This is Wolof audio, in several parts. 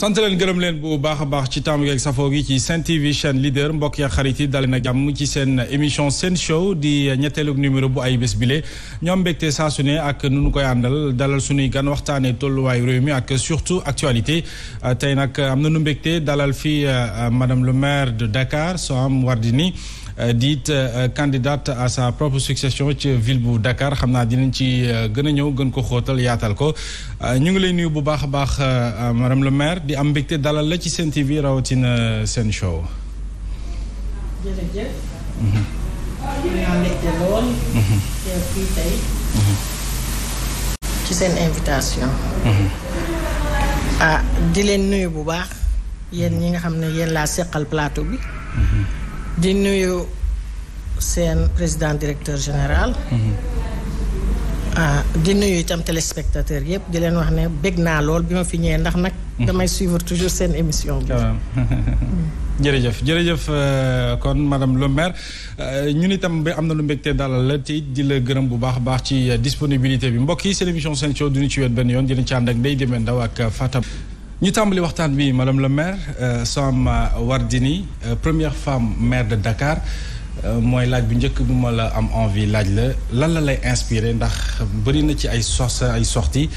sant leen gërëm leen bu baax a baax ci tàmm geeg safoo gi ci Sen TV chaîne leader mbokk ya xarit yi dal na jàmm ci seen émission seen show di ñetteelu numéro bu ay bés bile ñoo mbégte saa su ne ak nu nu koy àndal dalal suñuy gan waxtaanee tolluwaayu réew mi ak surtout actualité tey nag am na nu mbégte dalal fii euh, madame le maire de Dakar Soham Wardini Euh, di it euh, candidate à sa propre succession ci ville bu Dakar xam naa dinañ ci euh, gën a ñëw gën ko xóotal yaatal ko ñu ngi lay nuyu bu baax a baax madame le maire di am mbégte dalal la ci seen TV rawatina seen show. jërëjëf. Mhm. Mhm. Mhm. ci ah, di leen nuyu bu baax yéen ñi nga xam ne yéen laa seqal plateau bi. di nuyu seen président directeur général. Mm-hmm. ah di nuyu itam téléspectateur yëpp di leen wax ne bég naa lool bi ma fi ñëwee ndax nag. Mm-hmm. damay suivre toujours seen émission bi. Mm. jërëjëf jërëjëf euh, kon madame le maire euh, ñun itam ba am na lu mbégte dalal la te di la gërëm bu baax baax ci disponibilité bi mbokk yi seen émission seen show du ñu ci wet benn yoon dina ci ànd ak Ndeye Deme Ndaw ak Fatam. ñu tàmbali waxtaan bi madame le maire euh, Soham Wardini euh, première femme maire de Dakar euh, mooy laaj bu njëkk bu ma la am envie laaj la lan la lay inspiré ndax bëri na ci ay sources ay soxti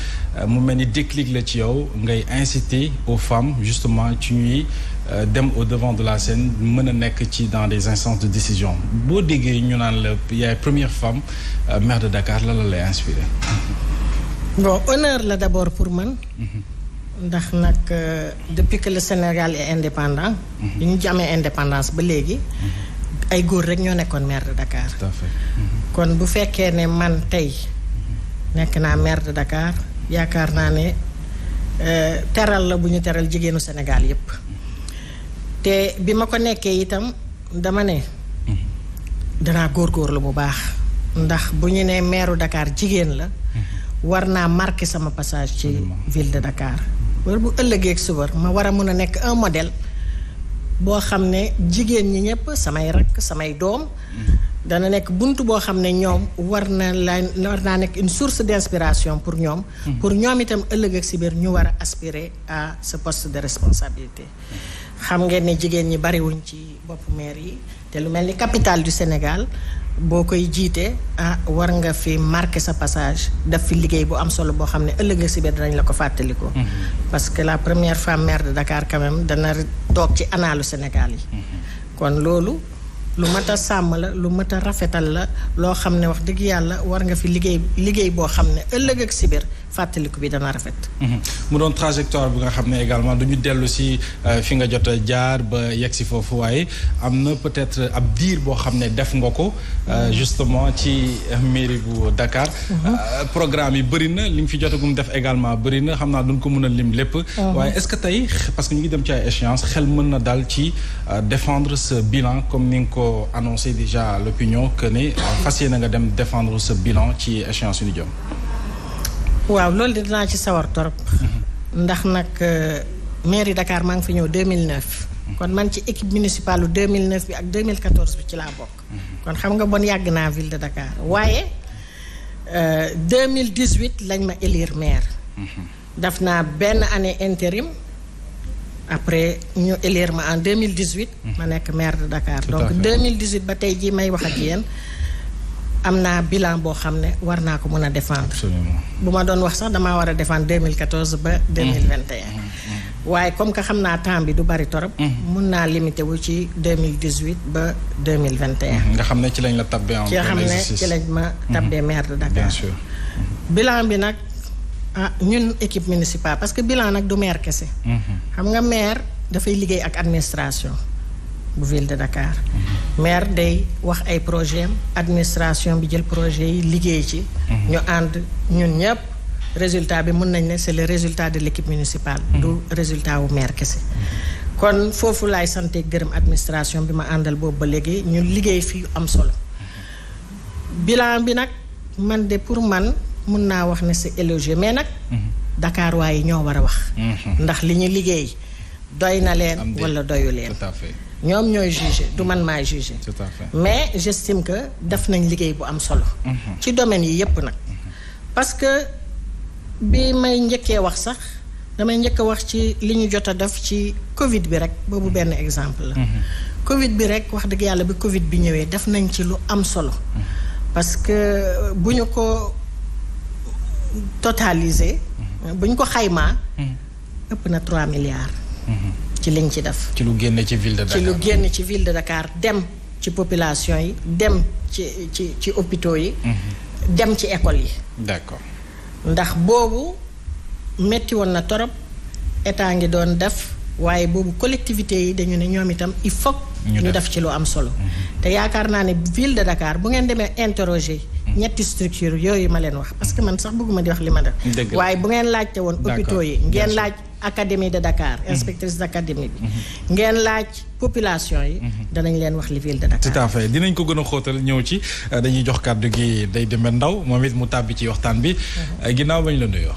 mu mel ni déclic la ci yow ngay inciter au femmes justement ci ñuy dem au devant de la scène mën a nekk ci dans des instances de décision boo déggee ñu naan la yaay première femme maire de Dakar lan la lay inspiré. honneur la d'abord pour man. Mm-hmm. ndax nag euh, depuis que le Sénégal indépendant. Mhm. bi ñu amee indépendance ba léegi. Mhm. ay góor rek ñoo nekkoon maire de Dakar. Mhm. kon bu fekkee ne man tey nekk naa maire de Dakar yaakaar naa ne euh, teral la bu ñu teral jigéenu Sénégal yépp te bi ma ko nekkee itam dama ne. danaa góor góorgóorlu bu baax. ndax bu ñu nee maire Dakar jigéen la. war naa marqué sama passage ci ville de Dakar. war bu ëllëgee ak suba ma war a mën a nekk un modèle boo xam ne jigéen ñi ñëpp samay rakk samay doom mm-hmm. dana nekk bunt boo xam ne ñoom war na la war naa nekk une source d'inspiration pour ñoom mm-hmm. pour ñoom itam ëllëg ak si biir ñu war a aspirer à ce poste de responsabilité mm-hmm. xam ngeen ne jigéen ñi bariwuñ ci boppu maire yi te lu mel ni capital du Sénégal boo koy jiitee ah war nga fi marqué sa passage def fi liggéey bu am solo boo xam ne ëllëg nga si biir danañ la ko fàttalikoo. Mm-hmm. parce que la première femme maire de Dakar quand dana toog ci anaalu Sénégal yi. Mm-hmm. kon loolu lu mat a sàmm la lu mat a rafetal la loo xam ne wax dëgg yàlla war nga fi liggéey liggéey boo xam ne ëllëg ak sibir fàttaliku bi dana rafet. Mhm. mu doon trajectoire bi nga xam ne également du ñu dellu si euh, fi nga jot jaar ba yegg si foofu waaye am na peut-être ab diir boo xam ne def nga ko euh, mhm. justement ci mairie bu Dakar. Mhm. Euh, programme yi bëri na li nga fi mu def également bëri na xam naa duñ ko mun a lim lépp. waaye est-ce que tey parce que ñu ngi dem ci ay xel mën na daal ci défendre ce bilan comme ni nga ko annoncé déjà l'opinion que ni fas na nga dem défendre ce bilan ci échéance yu ñu waaw loolu dinaa ci sawar torop ndax nag euh, mairie Dakar maa ngi fi ñëw 2009. kon man ci équipe municipale lu 2009 bi ak 2014 bi ci laa bokk. kon xam nga bon yàgg naa ville de Dakar waaye 2018 euh, lañ ma élire maire. daf naa benn année intérim après ñu élire ma en 2018. ma nekk maire de Dakar. donc 2018 ba tey jii may wax ak yéen. am naa bilan boo xam ne war naa ko mën a défendre. absolument bu ma doon wax sax damaa war a défendre 2014 ba 2021. Mm-hmm. Mm-hmm. Mm-hmm. waaye comme que xam naa temps bi du bari torop. mun naa limité wu ci 2018 ba 2021. nga xam ne ci lañ la tabbee en. ci xam ne ci lañ ma tabbee maire de Dakar. bien bilan bi nag ah ñun équipe municipale parce que bilan nag du maire kese. xam nga maire dafay liggéey ak administration. bu ville de Dakar maire day wax ay projet am administration bi jël projet yi liggéey ci ñu ànd ñun ñëpp résultat bi mën nañ ne c'est le résultat de l'équipe municipale mm-hmm. du résultat wu maire kese kon foofu laay sante gërëm administration bi ma àndal boobu ba léegi ñu liggéey fi am solo bilan bi nag man de pour man mun naa wax ne si élogieux mais nag mm-hmm. Dakar waaye ñoo war a wax mm-hmm. ndax li ñu liggéey doy na leen wala doyu leen ñoom ñooy jugé du man maay jugé. mais j'estime que def nañ liggéey bu am solo. Mhm. ci domaine yi yëpp nag. Mhm. parce que bi may njëkkee wax sax damay njëkk a wax ci li ñu jot a def ci Covid bi rek boobu mhm. benn exemple la. Covid bi rek wax dëgg yàlla bi Covid bi ñëwee def nañ ci lu am solo. parce que bu ñu ko totaliser. buñ ko xaymaa. ëpp na 3 milliards. ci liñ ci def. ci lu génn ci ville de Dakar ci lu génn ci ville dem ci population yi dem ci ci ci hôpitaux yi. Mhm. dem ci école yi. d'accord ndax boobu metti woon na torop état ngi doon def waaye boobu collectivité yi dañu ne ñoom itam il faut. ñu def ci lu am solo. Mhm. te yaakaar naa ne ville de Dakar bu ngeen demee interroger. Mhm. ñetti structure yooyu ma leen wax parce que man sax bëgguma di wax li ma def. waaye bu ngeen laajte woon hôpitaux yi ngeen laaj. académie de Dakar. Mhm. inspectrice d'académie bi. ngeen laaj population yi. Mhm. danañ leen wax li ville de Dakar. tout à fait dinañ ko gën a xóotal ñëw ci euh, dañuy jox kàddu gi day demee ndaw moom it mu tàbbi ci waxtaan bi. Mhm. Euh, ginnaaw bañ la nuyoo.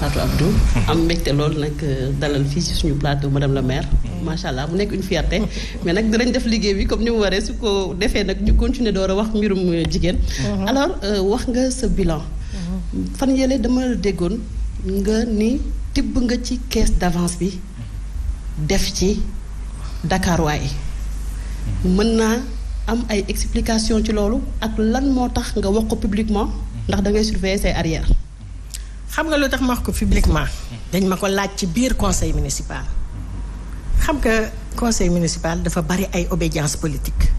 Fatou Abdou am mbégte loolu nag euh, dalal fii ci suñu plateau madame la maire macha allah bu nekk une fierté mais nag dinañ def liggéey bi comme ni mu waree su ko defee nag ñu continuer door a wax mbirum jigéen alors wax nga sa bilan fan yële dama déggoon nga ni tibb nga ci caisse d'avance bi def ci Dakar waay mën naa am ay explication ci loolu ak lan moo tax nga wax ko publiquement ndax dangay ngay say arrière xam nga lu tax ma wax ko publiquement dañ ma ko laaj ci biir conseil municipal xam nga conseil municipal dafa bari ay obédience politique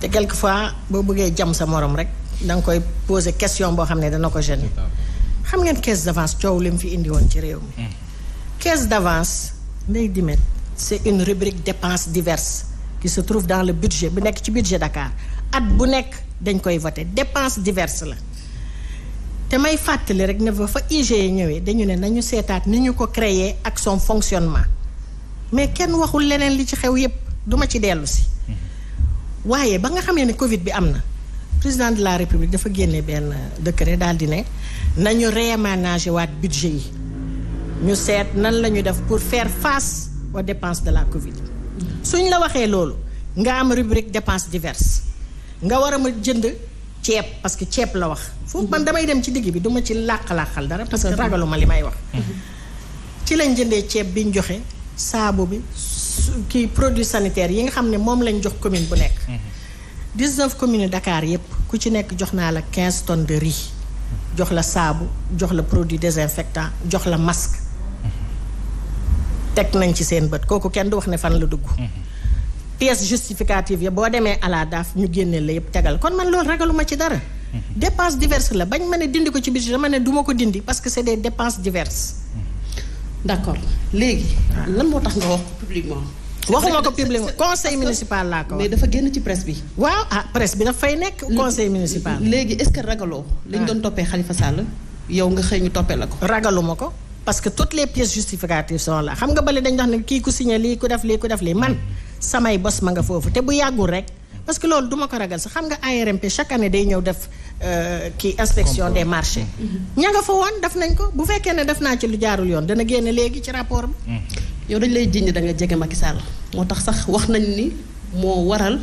te fois boo bëggee jam sa morom rek da koy poser question boo xam ne dana ko gêner xam ngeen caisse d'avance coow li mu fi indi woon ci réew mi hmm. caisse d'avance nday dimet c'est une rubrique dépense diverse qui se trouve dans le budget bu nekk ci budget Dakar at bu nekk dañ koy vote dépenses diverse la te may fàttali rek ne ba fa IGE ñëwee dañu ne nañu seetaat ni ñu ko créer ak son fonctionnement mais kenn waxul leneen li ci xew yépp duma ci dellusi si hmm. waaye ba nga xamee ne Covid bi am na président de la république dafa génne benn décret daal di ne nañu réaménager waat budget yi ñu seet nan la ñu def pour fair face wa dépense de la Covid suñ la waxee loolu nga am rubrique dépenses diverses nga war a ma jënd ceeb parce que ceeb la wax foofu man damay dem ci digg bi duma ci làq-làqal dara parce que ragaluma li may wax mhm. ci lañ jëndee ceeb biñ joxe saabu bi kii produit sanitaires yi nga xam ne moom lañ jox commune bu nekk mhm. 19 communes Dakar yépp ku ci nekk jox naa la 15 tonnes de riz jox la saabu jox la produit désinfectant jox la masque teg nañ ci seen bët kooku kenn du wax ne fan la dugg pièce justificative ya boo demee à la ñu génnee la yépp tegal kon man loolu ragaluma ci dara dépense diverse la bañ ma ne dindi ko ci budget dama ne duma ko dindi parce que c'est des dépenses diverses d'accord léegi ah. lan moo tax nga wax publiquement waxuma ko public conseil municipal laa ko mais dafa génn ci presse bi. waaw ah presse bi dafay nekk conseil municipal. léegi est-ce que ragaloo. liñ ah. doon toppee Khalifa Sall yow nga xëy ñu toppee la ko. ragaluma ko parce que toutes les pièces justificatives sont là xam nga bale dañ dox ne kii ku signé lii ku def lii ku def lii man hmm. samay bos ma nga foofu te bu yàggul rek. parce que loolu duma ko ragal sax xam nga ARMP chaque année day ñëw def euh, kii inspection des marché mm-hmm. mm-hmm. ña nga fa woon def nañ ko bu fekkee ne def naa ci lu jaarul yoon dana génne léegi ci rapport bi mm-hmm. yow dañ lay jiñ da nga jege Macky sàll moo tax sax wax nañ ni moo waral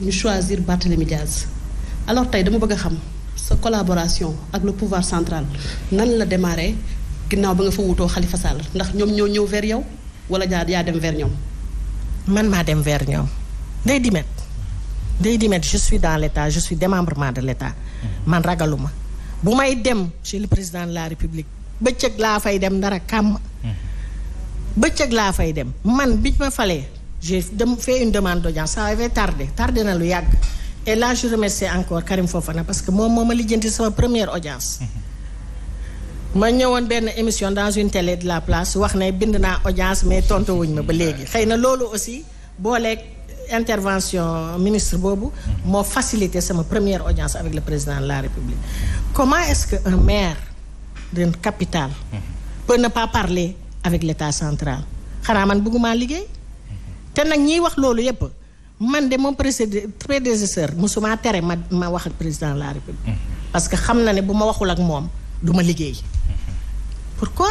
ñu choisir Barthélémy Diaz alors tey dama bëgg a xam sa collaboration ak le pouvoir central nan la démarré ginnaaw ba nga fa wutoo Khalifa Sall ndax ñoom ñoo ñëw vers yow wala yaa yaa dem vers ñoom man maa dem vers ñoom day dimet day di mettre dans l'état je suis démembrement de l'état man ragaluma bu may dem chez président de la république bëccëg laa fay dem dara kàmm bëccëg laa fay dem man bi ma falee j'ai dem fait une demande d'audience ça avait tardé tardé na lu yàgg et la je remercie encore Karim Fofana parce que moom moo ma lijjanti sama première audience ma ñëwoon benn émission dans une télé de la place wax ne bind naa audience mais tonto wuñ ma ba léegi xëy na loolu aussi booleeg intervention ministre boobu moo facilité sama première audience avec le président de la République comment est-ce que un maire d'une capital peut ne pas parler avec l'État centrale xanaa man bëgguma liggéey te nag ñiy wax loolu yépp man de moom prédécesseur mosuma tere ma ma wax ak président de la République parce que xam na ne bu ma waxul ak moom duma ma liggéey pourquoi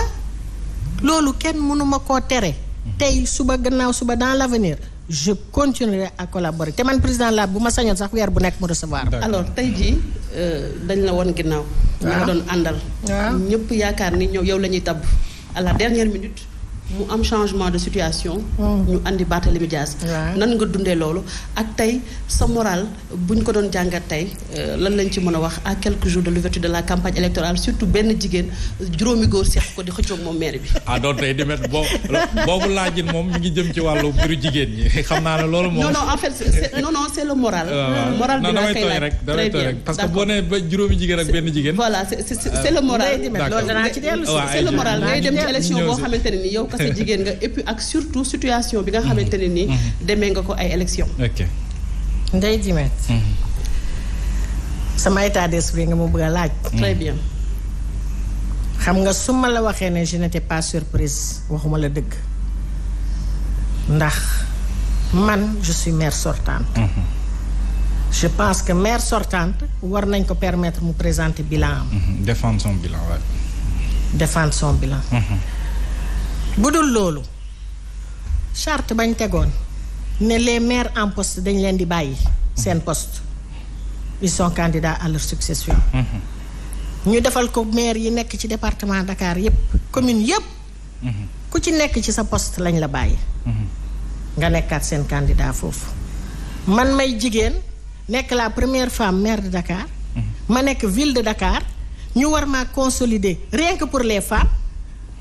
loolu kenn mënuma koo tere tey suba gannaaw suba dans l'avenir je continuerai ak collaborer te man président laa bu ma sañoon sax weer bu nekk mu recevoir. alors tey jii euh, dañ la woon ginnaaw. waaw nga doon àndal. ñëpp yaakaar ni ñoom yow la ñuy tabb à la dernière minute. mu am changement de situation. Mm. ñu andi Barthélémy Dias. nan nga dundee loolu ak tey sa moral bu ñu ko doon jàngat tey euh, lan lañ ci mën a wax à quelques jours de l'ouverture de la campagne électorale surtout benn jigéen juróomi góor seq ko di xëccoog moom maire bi. ah doon tey jëm ci wàllu mbiru jigéen ñi xam naa ne loolu. moom non non en fait c'est non non c'est le moral. Ah, parce que boo juróomi jigéen ak benn jigéen. voilà c'est c'est le ah, ngay dem ci yow jigéen nga et ak surtout situation bi nga xamante ne nii. Mhm. Mhm. demee nga ko ay élection ok Ndeye Dimet. Mhm. sama état d'esprit nga ma bëgg a laaj. très bien. xam nga su ma la waxee ne je n'étais pas surprise waxuma la dëgg ndax man je suis maire sortante. je pense que maire sortante war nañ ko permettre mu présenter bilan am. défendre son bilan. bu dul loolu chart bañ tegoon ne les maires en poste dañ leen di bàyyi seen post ils sont candidats à leur mhm. ñu defal ko maire yi nekk ci département Dakar yépp commune yépp mhm. ku ci nekk ci sa poste lañ la bàyyi mhm. nga nekkaat seen candidat foofu man may jigéen nekk la première femme maire de Dakar ma nekk ville de Dakar ñu war maa consolider rien que pour les femmes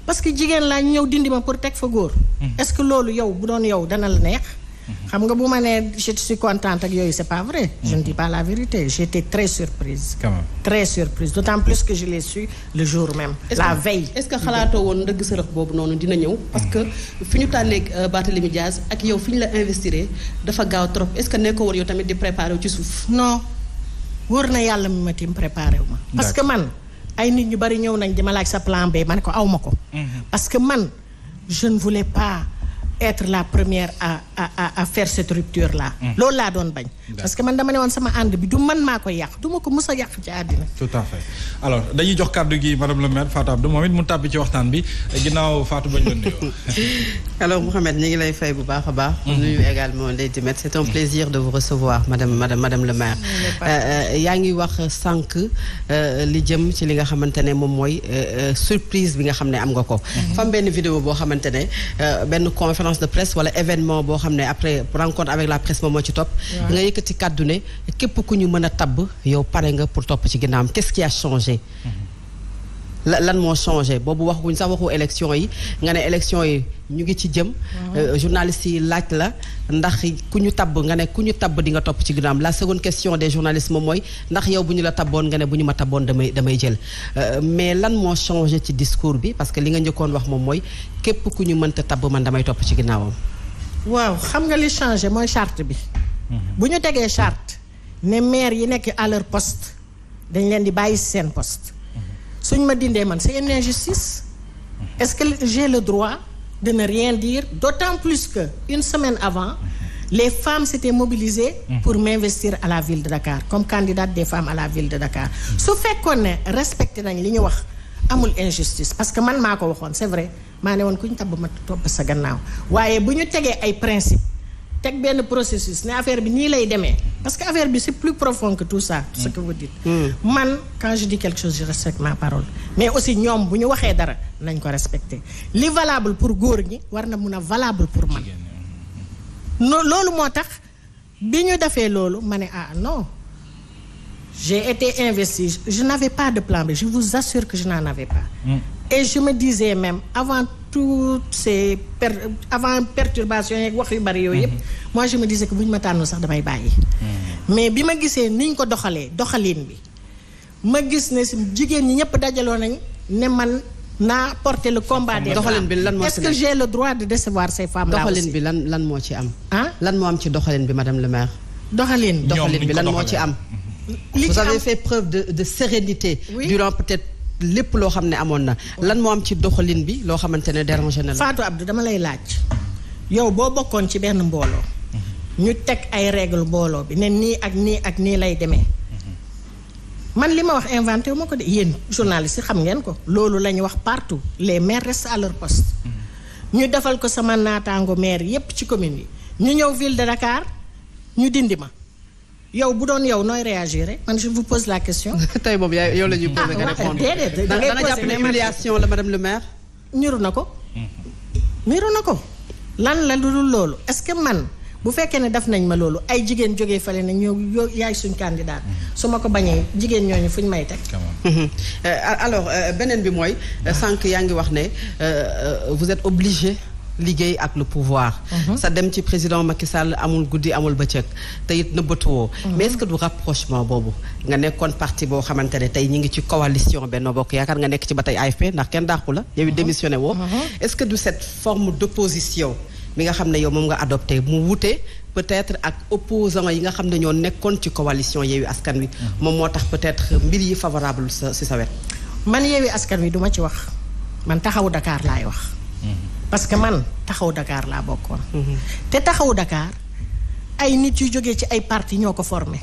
parce que jigéen laa ñëw dindi ma pour teg fa góor. Hmm. est-ce que loolu yow bu doon yow dana la neex. Hmm. xam nga bu ma nee je suis contente ak yooyu c'est pas vrai. je ne hmm. dis pas la vérité j'étais très surprise. quand même très surprise d'autant plus que je l'ai su le jour même. la veille est-ce que xalaatoo woon ndëgg sërëx boobu noonu dina ñëw. parce que fi ñu tànnee euh, Barthélémy Diaz ak yow fi ñu la investir dafa gaaw trop est-ce que nekkoo woon yow tamit di préparer wu ci suuf. non wóor na yàlla mu ma tim préparer wu ma. parce que man. ay nit ñu bari ñëw nañ di ma laaj sa plan B ma ne ko awma ko. Mhm. parce que man je ne voulais pas être la première à à à, à mhm. loolu laa doon bañ. parce que man dama ne woon sama ànd bi du man maa ko yàq du ma ko mus a yàq ci àddina tout à fait alors dañuy jox kàddu gi madame le maire Fatou Abdou moom it mu tàbbi ci waxtaan bi ginnaaw Fatou bañ la nuyoo ngi lay fay bu baax a baax mhm. nuyu également Ndeye Dimet c'est un mhm. plaisir de vous recevoir madame madame madame le maire euh, euh, yaa ngi wax sànq euh, li jëm ci li nga xamante ne moom mooy surprise bi nga xam ne am nga ko mhm. fam benn vidéo boo xamante ne benn conférence de presse wala événement boo xam ne après rencontre avec la presse moom moo ci topp yëkkati kàddu ne képp ku ñu mën a tabb yow pare nga pour topp ci ginnaawam qu'est-ce qui a mm-hmm. lan moo changé boobu waxuñ sax waxu élection yi nga ne élection yi ñu ngi ci jëm. Mm-hmm. Euh, journalistes yi laaj la ndax ku ñu tab nga ne ku ñu tabb di nga topp ci ginnaawam la seconde question des journalistes moom mooy ndax yow bu ñu la tabboon nga ne bu ñu ma tabboon damay damay jël. Euh, mais lan moo changé ci discours bi parce que li nga njëkkoon wax moom mooy képp ku ñu mënta tabb man damay topp ci ginnaawam. waaw xam nga li changé mooy charte bi. bu ñu tegee charte ne maire yi nekk à leur poste dañ leen di bàyyi seen post suñ ma dindee man c'est une injustice est-ce que j'ai le droit de ne rien dire d'autant plus que une semaine avant les femmes s'étaient mobilisées pour m'investir à la ville de Dakar comme candidate des femmes à la ville de Dakar su fekkoon ne respecté nañ li ñu wax amul injustice parce que man maa ko waxoon c'est vrai maa ne woon ku ñu tabb ma topp sa gannaaw waaye bu ñu tegee ay teg benn processus ne affaire bi nii lay demee parce que affaire bi c'est plus profond que tout ça ce que vous dites hmm. man quand je dis quelque chose je respecte ma parole mais aussi ñoom bu ñu waxee dara nañ ko respecter li valable pour góor ñi war na mun a valable pour man no loolu moo tax bi ñu defee loolu ma ne ah non j'ai été investie je n'avais pas de plan B je vous assure que je n'en avais pas hmm. et je me disais même avant tous ces per avant perturbation yeeg wax yu bari yooyu yëpp mhm. moi je me disais que bu ñu ma tànnu sax damay bàyyi mhm. mais bi ma gisee niñ ko doxalee doxaliin bi ma gis ne si jigéen ñi ñëpp dajaloo nañ ne man naa porter le combat des doxalin bi lan moo est-ce le droit de décevoir ces femmes bi lan lan moo ci am ah lan moo am ci doxalin bi madame le maire doxalin doxalin bi lan moo ci am vous avez fait preuve de de sérénité durant peut-être lépp loo xam ne amoon na. lan moo am ci doxalin bi loo xamante ne dérangé na la. Fatou dama lay laaj yow boo bokkoon ci benn mbooloo mhm. ñu teg ay règle mbooloo bi ne nii ak nii ak nii lay demee mhm. man li ma wax inventé wu ma ko de yéen journaliste yi xam ngeen ko loolu la ñu wax partout les maires restent à leur poste. Mhm. ñu defal ko sama naataango maire yépp ci commune yi ñu ñëw ville de Dakar ñu dindi ma. yow bu doon yow nooy réagir man je vous pose la question. tey moom yaa yow la ñuy posé nga ah, répondre déedéet da nga jàpp ne humiliation la madame le maire. niru na ko. niru na ko lan la lu dul loolu est-ce que man. bu fekkee ne def nañ ma loolu ay jigéen jógee fale ne ñoo yaay suñ candidat su ma ko bañee jigéen ñooñu fuñ may teg mhm. euh, alors euh, beneen bi mooy euh, sànq yaa ngi wax ne vous êtes obligé liggéey ak le pouvoir. Mhm. sa dem ci président Macky Sall amul guddi amul bëccëg te it nëbbatuwoo. Mhm. mais est-ce que du rapprochement boobu nga nekkoon parti boo xamante ne tey ñu ngi ci coalition benn Bokk Yaakaar nga nekk ci ba tey AFP ndax kenn dàqu la. yow mhm. démissionné woo. est-ce que du cette forme d'opposition bi nga xam ne yow moom nga adopté mu wute. peut-être ak opposants yi nga xam ne ñoo nekkoon ci coalition Yewwi Askan Wi moom moo tax peut-être mbir yi favorable si sa wet man Askan Wi duma ci wax man taxawu Dakar laay wax parce que man taxaw dakaar laa bokkoon. Mhm. te taxaw dakaar ay nit yu jóge ci ay parti ñoo ko formé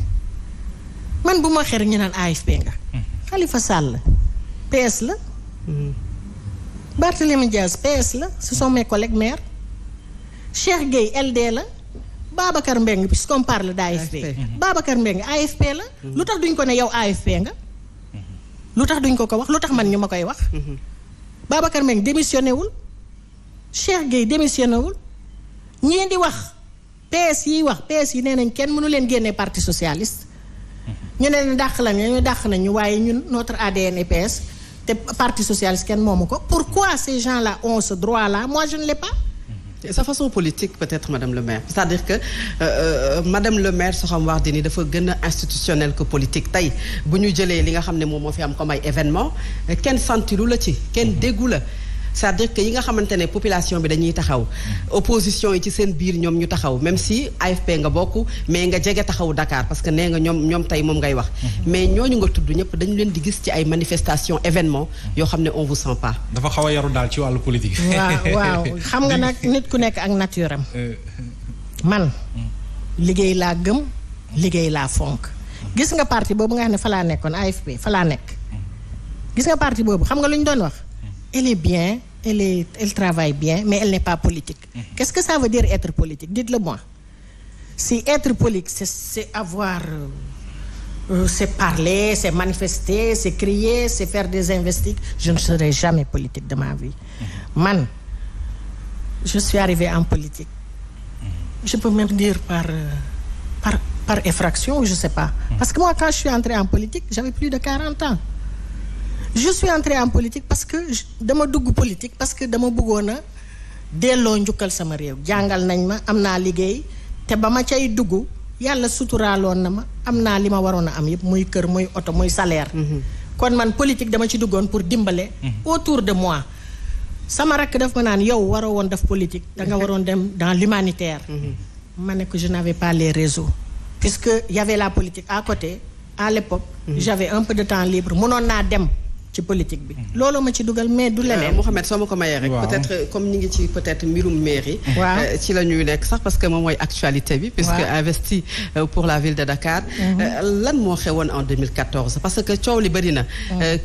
man bu ma xer ñu naan AFP nga. Mhm. Khalifa Sall PS la. Mhm. Barthélémy Dias PS la ce sont mes collègues maires Cheikh Gueye LD la Babacar Mbengue puisqu'on parle d'AFP Babacar Mbengue AFP la lu tax duñ ko ne yow AFP nga lu tax duñ ko ko wax lu tax man ñu ma koy wax Babacar Mbengue démissionné wul Cheikh Gueye démissionné wul ñii di wax PS yi wax PS yi nee nañ kenn mënu leen génne parti socialiste ñu ne dàq lañ ñu dàq nañu waaye ñun notre ADN et PS te parti socialiste kenn moomu ko pourquoi ces gens la ont ce droit là moi je ne pas. sa façon politique peut-être madame le maire c'est-à-dire que euh, euh, madame le maire Soham Wardini dafa gën a institutionnel que politique tey bu ñu jëlee li nga xam ne moom moo fi am ko ay événement kenn santilu la ci kenn déggu la. c'est-à-dire que yi nga xamante ne population bi dañuy taxaw opposition yi ci seen biir ñoom ñu taxaw même si AFP nga bokk mais nga jege taxaw dakaar parce que nee nga ñoom ñoom tey moom ngay wax mhm. mais ñooñu nga tudd ñëpp dañu leen di gis ci ay manifestation événement yoo xam ne on vous sent pas dafa xaw a yaru daal ci wàllu politique waaw xam nga nag nit ku nekk ak nature am euh. man mm. liggéey laa gëm liggéey laa fonk gis nga parti boobu nga xam ne fa laa nekkoon AFP fa laa nekk mm. gis nga parti boobu xam nga ñu doon wax mm. elle est elle est elle travaille bien mais elle n'est pas politique mhm. qu'est-ce que ça veut dire être politique dites-le moi si être politique c'est c'est avoir euh, euh c'est parler c'est manifester c'est crier c'est faire des investigues je ne serai jamais politique de ma vie mhm. man je suis arrivée en politique mhm. je peux même dire par euh, par par effraction je sais pas parce que moi quand je suis entrée en politique j'avais plus de 40 ans je suis entrée en politique parce que dama dugg politique parce que dama bëggoon a delloo njukkal sama réew jàngal nañ ma am naa liggéey te ba ma cay dugg yàlla suturaaloon na ma am naa li ma waroon a am yëpp muy kër muy oto muy salaire. Mhm. kon man politique dama ci duggoon pour dimbale. Mhm. autour de mois sama rakk daf ma naan yow waroo woon def politique da nga mhm. waroon dem dans l'humanitaire. ma ne ko je n'avais pas les réseau puisque y avait la politique à côté à l'époque j'avais un peu temps libre mënoon naa dem. ci politique bi. Mhm. loolu ma ci dugal mais du leneen. Euh, Mouhamed soo ma ko mayee rek. peut-être euh, comme ñu ngi ci peut-être mbirum mairie. Mhm. waaw euh, ci la ñuy nekk sax parce que moom mooy actualité bi. puisque investi pour la ville de Dakar. Mhm. lan moo xewoon en 2014 parce que coow li bëri na.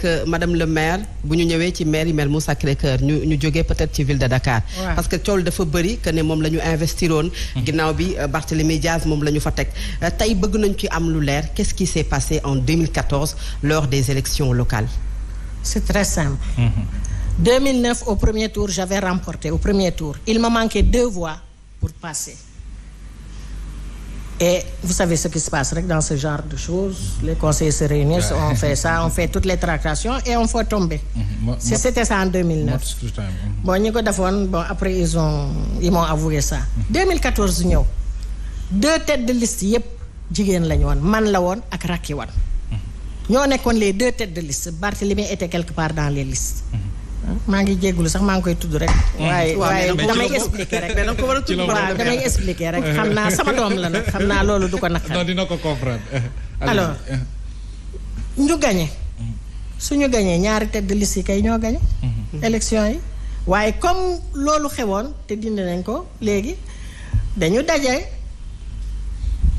que madame le maire bu ñu ñëwee ci maire yi mel mu Sacré-Cœur ñu ñu jógee peut-être ci ville de Dakar. parce que coow li dafa bëri que ne moom la ñu investiroon. ginnaaw bi Barthélémy Diaz moom la ñu fa teg tey bëgg nañ ci am lu leer qu'est-ce qui s'est passé en 2014 lors des élections locales. C'est très simple. Mm-hmm. 2009, au premier tour, j'avais remporté, au premier tour. Il me manquait deux voix pour passer. Et vous savez ce qui se passe rek dans ce genre de choses le conseillers se réunissent on fait ça on fait toutes les tractations et on fait tomber. si mm-hmm. c'était ça en 2009. bon ñu ko defoon bon après ils ont ils m'ont avoué ça. 2014 mm-hmm. ñëw deux têtes de liste yëpp jigéen lañu woon man la woon ak Racky Wane. ñoo nekkoon les deux têtes de li may était quelque part dans les listes. maa ngi jégalu sax maa ngi koy tudd rek. Mmh. waaye waaye damay expliquer rek. dama ko war a tudd waaw rek xam naa sama doom la nag xam naa loolu du ko naqar. non dina ko comprendre. alors ñu gagné. suñu gañee ñaari tedd de yi kay ñoo gagné. Mmh. élection yi waaye comme loolu xewoon te dindi nañ ko léegi dañu daje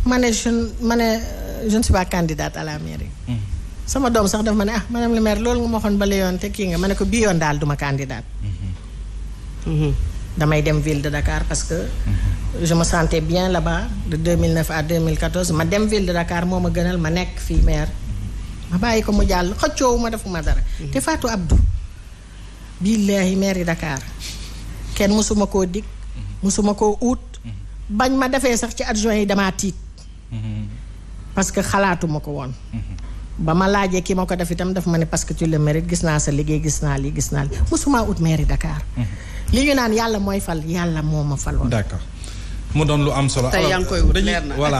ma ne je ma ne je ne suis pas candidate à la mairie. Mmh. sama doom sax daf ma ne ah madame le maire loolu nga ma waxoon bale yoon te kii nga ma ne ko bii yoon daal duma candidat mhm. damay dem ville de Dakar parce que mhm. je me sentais bien là-bas de 2009 à 2014 ma dem ville de Dakar moo ma gënal ma nekk fii maire ma bàyyi ko mu jàll xëccoowu ma defuma dara mhm. te Fatou Abdou billaahi maire Dakar kenn mosuma koo dig mosuma koo uut bañ ma defee sax ci adjoint yi damaa tiit parce que xalaatuma ko woon ba ma laajee ki ma ko def itam daf ma ne parce que tu le mérites gis naa sa liggéey gis naa lii gis naa lii mosuma ut mairie Dakar. Mhm. li ñu naan yàlla mooy fal yàlla moo ma faloon. d'accord mu doon lu am solo. tey yaa ngi na voilà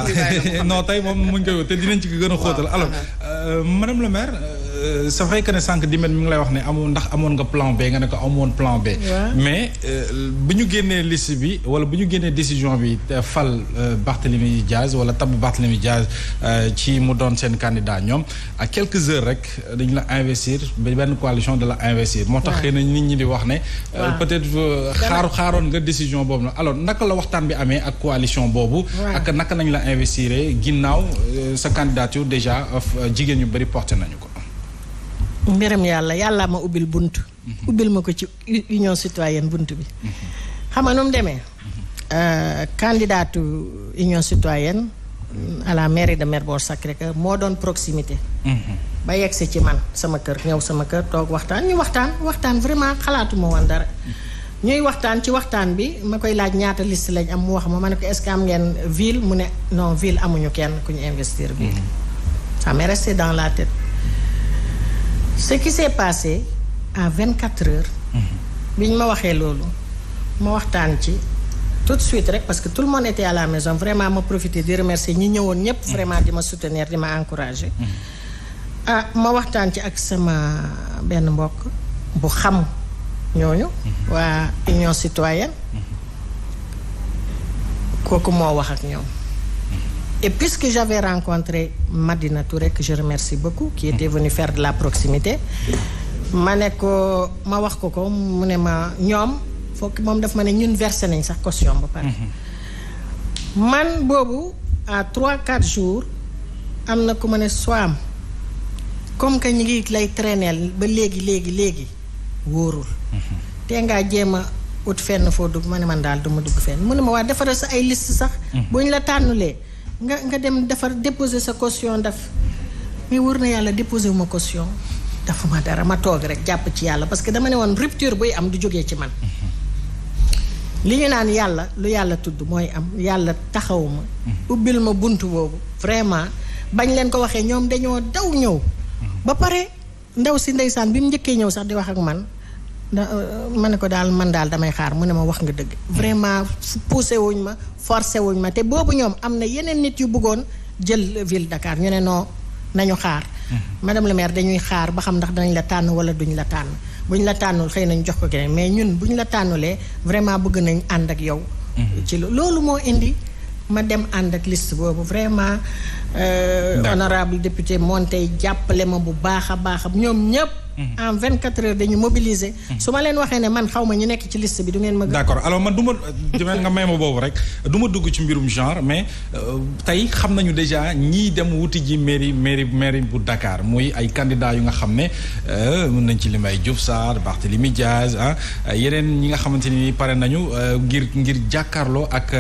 tey moom mu ngi koy wut te dinañ ci gën a xóotal. alors euh, madame le maire. Euh, c'est euh, vrai que ne sànq dimet mu ngi lay wax ne amoon ndax amoon nga plan B nga ne ko amoon plan B. mais euh, bu ñu génnee list bi wala bu ñu génnee décision bi fal euh, Barthélemy jaas wala tabb Barthélemy Diaz ci mu doon seen candidat ñoom ak quelques heures rek dañu la investir benn coalition de la investir. moo tax xëy na nit ñi di wax ne. peut-être xaaru xaaroon nga décision boobu na alors naka la waxtaan bi amee ak coalition boobu. ak naka nañ la investir ginnaaw sa candidature déjà jigéen ñu bari porté nañu ko. mbiram yàlla yàlla ma ubbil bunt mhm. ubbil ma ko ci union citoyenne bunt bi mhm. xam nga nu mu demee mhm. euh, candidatu union citoyenne à la mairie de Mermoz Sacré-Cœur moo doon proximité ba yegsi ci man sama kër ñëw sama kër toog waxtaan ñu waxtaan waxtaan vraiment xalaatuma woon dara ñuy waxtaan ci waxtaan bi ma koy laaj ñaata liste lañ am mu wax ma ma ne ko est-ce que am ngeen ville mu ne non ville amuñu kenn ku ñu investir ville ça m'est resté dans la tête ce qui s'est passé à vingt quatre heures bi ñu ma waxee loolu ma waxtaan ci tout de suite rek parce que tout le monde était à la maison vraiment ma profité di remercier ñi ñëwoon ñëpp vraiment di ma soutenir di ma encourager mhm. ah ma waxtaan ci ak sama benn mbokk bu xam ñooñu mhm. waa union citoyenne mhm. kooku moo wax ak ñoom puis puisque j'avais rencontré Madina Touré que je remercie beaucoup qui était venue faire de la proximité ma ne ko ma wax ko ko mu ne ma ñoom foog moom daf ma ne ñun versé nañ sax caution ba pare man boobu à trois quatre jours am na ku ma ne soo comme que ñu ngi lay traîner ba léegi léegi léegi wóorul tee ngaa jéem a ut fenn foo dugg ma ne man daal du ma dugg fenn mu ne ma waa defaral sa ay list sax mm-hmm. bu ñu la tànnulee nga nga dem defar déposer sa costion def mais wër na yàlla déposer wu ma caution dafa ma dara ma toog rek jàpp ci yàlla parce que dama ne woon rupture buy am du jógee ci man li ñu naan yàlla lu yàlla tudd mooy am yàlla taxaw ma ubbil ma bunt boobu vraiment bañ leen ko waxee ñoom dañoo daw ñëw ba pare ndaw si ndeysaan bi mu njëkkee ñëw sax di wax ak man da euh, ma ne ko daal man daal damay xaar mu ne ma wax nga dëgg. vraiment poussé wuñ ma forcé wuñ ma te boobu ñoom am na yeneen nit yu bëggoon jël ville Dakar ñu ne non nañu xaar. Mm-hmm. madame le maire dañuy xaar ba xam ndax danañ la tànn wala duñ la tànn buñ la tànnul xëy nañ jox ko keneen mais ñun buñ la tànnulee vraiment bëgg nañ ànd ak yow. Mm-hmm. loolu moo indi ma dem ànd ak liste boobu vraiment Euh, honorable député Montey jàppale ma bu baax a baax ñoom ñëpp. Mhm. en vingt quatre heures dañu mobiliser. Mhm. su ma leen waxee ne man xaw ma ñu nekk ci liste bi du ngeen ma. d' accord alors man du ma jëmel nga may boobu rek du ma dugg ci mbirum genre mais euh, tey xam nañu déjà ñii dem wuti ji mairie mairie mairie bu Dakar muy ay candidats yu nga xam ne euh, mën nañ ci lim ay Diouf Sarr Barthélémy Diaz ah yeneen ñi nga xamante ni pare nañu ngir ngir jàkkaarloo ak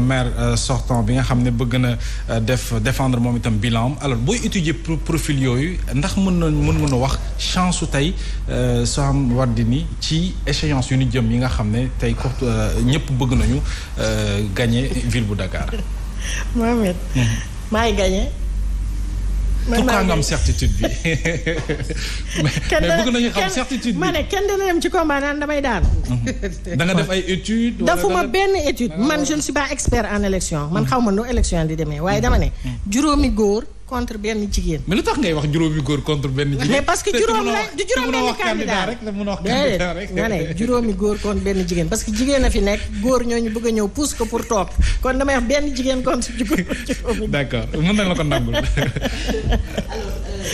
maire sortant bi nga xam ne bëgg na def. def défendre moom itam bilan am alors booy étudier profil yooyu ndax mën na mën mën a wax chance su tey euh, Soham Wardini ci échéance yu ni jëm yi nga xam ne tey courte euh, ñëpp bëgg nañu euh, gagner ville bu Dakar. Mohamed. Mhm. maay gagner. pourquoi nga am certitude bi. mais bëgg nañu xam ma ne kenn dana dem ci combat naan damay daan. Mhm. da nga def ay études. dafuma benn étude ah, man je si ba pas expert en élection man mhm. xaw ma nu élection di demee waaye dama ne mhm. juróomi góor. contre benn jigéen. mais lu tax ngay wax juróomi góor contre benn jigéen. parce que juróom la du rek te mun a wax candidat rek juróomi góor contre benn jigéen parce que jigéen a fi nekk góor ñooñu bëgg a ñëw pousse ko pour toog kon damay wax benn jigéen contre juróomi. d' accord mën na la ko nangul.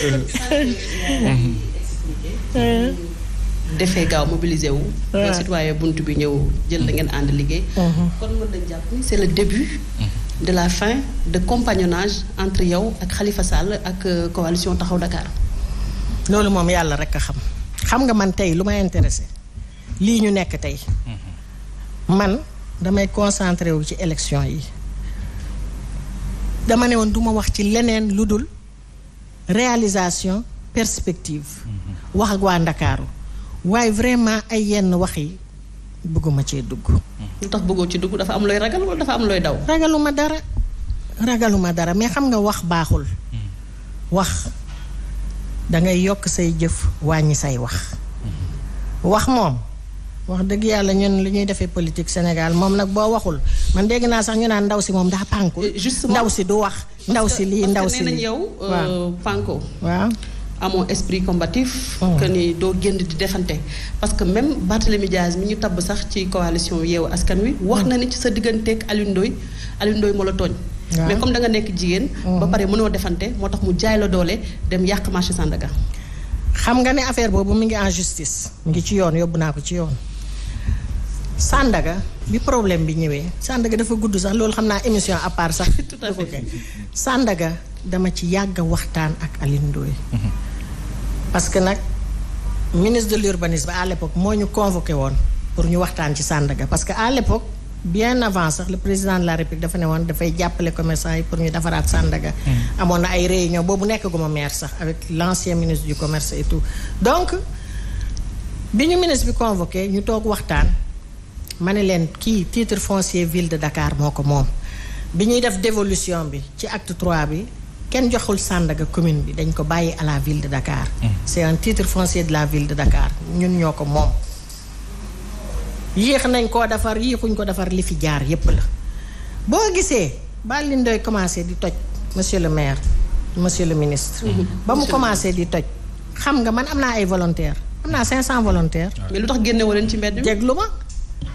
alors. Euh, euh. defee gaaw mobiliser wu. waaw bunt bi ñëw jël la ngeen ànd liggéey. Uh-huh. kon mën début. Uh-huh. de la fin de compagnonnage entre yow ak xalifa Sall ak euh, coalition Taxawu Dakar. loolu moom yàlla rek a xam xam nga man tey lu ma intéressé lii ñu nekk tey mhm. man damay concentré wu ci élection yi dama ne woon du ma wax ci leneen lu dul réalisation perspective mhm. wax ak waa Ndakaaru waaye vraiment ay yenn wax yi bëgguma cee dugg. lu tax bëggoo ci dugg dafa am looy ragal wala dafa am looy daw. ragaluma dara ragaluma dara mais xam nga wax baaxul. Hmm. wax dangay yokk say jëf wàññi say wax. Hmm. wax moom wax dëgg yàlla ñun li ñuy defee politique Sénégal moom nag boo waxul man dégg naa sax ñu naan ndaw si moom daa pànkul. Eh, ndaw si du wax ndaw si lii ndaw si lii. Euh, waaw amoo esprit combatif. Ah que ni doo génn di defante. parce que même Barthélémy Diaz mi ñu tabb sax ci coalition yeewu askan wi. wax na ni ci sa digganteeg Alioune Ndoye alindooy Ndoye moo la tooñ. mais comme da nekk jigéen. ba mm-hmm. pare mënoo defante moo tax mu jaay la doole dem yàq marché Sandaga. xam nga ne affaire boobu mu ngi en justice. ngi ci yoon yóbbu naa ko ci yoon. Sandaga bi problème bi ñëwee. Sandaga dafa gudd sax loolu xam naa émission à part sax. tout à fait Sandaga dama ci yàgg waxtaan ak Alioune parce que nag ministre de l'urbanisme à l'époque moo ñu convoqué woon pour ñu waxtaan ci sàndaga parce que à l'époque bien avant sax le président de la République dafa ne woon dafay jàppale commerçant yi pour ñu defaraat Sandaga mm. amoon na ay réunion boobu nekk guma maire sax avec l'ancien ministre du commerce et tout donc bi ñu ministre bi convoqué ñu toog waxtaan ma ne leen kii titre foncier ville de Dakar moo ko moom bi ñuy def dévolution bi ci acte bi kenn joxul Sandaga commune bi dañ ko bàyyi à la ville de Dakar. Mm. c'est un titre foncier de la ville de Dakar ñun ñoo ko moom. yéex nañ koo defar yéexuñ ko defar li fi jaar yépp la boo gisee ba liñ doy commencé di toj monsieur le maire monsieur le ministre. Mm-hmm. ba mu commencé di toj. xam nga man am naa ay volontaires am naa 500 volontaires. mais lu génne woo leen ci déglu ma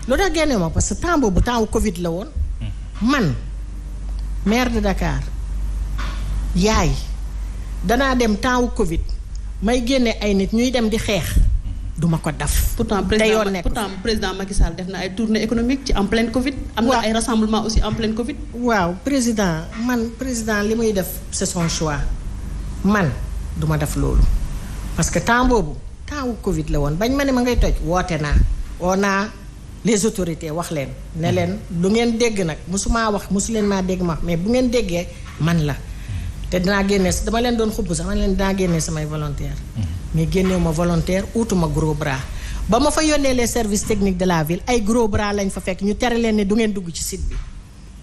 lu tax génne ma parce que temps boobu temps Covid la woon. Mm-hmm. man maire de Dakar. yaay danaa dem temps wu Covid may génne ay nit ñuy dem di xeex duma ko def. pourtant président pourtant président Macky Sall def na ay tournée économique ci en pleine Covid. am na ay rassemblement aussi en pleine Covid. waaw président man président li muy def c'est son choix man duma def loolu parce que temps boobu temps wu Covid la woon bañ ma ne ma ngay toj woote naa woo naa les autorités wax leen ne leen lu ngeen dégg nag mosumaa wax mosu leen maa dégg ma mais bu ngeen déggee man la. te dinaa génne dama leen doon xubb sax leen dinaa génne samay volontaire mhm. mais génneewu ma volontaire uutuma gros bras ba ma fa yónnee les services techniques de la ville ay gros bras lañ fa fekk ñu tere leen ne du ngeen dugg ci site bi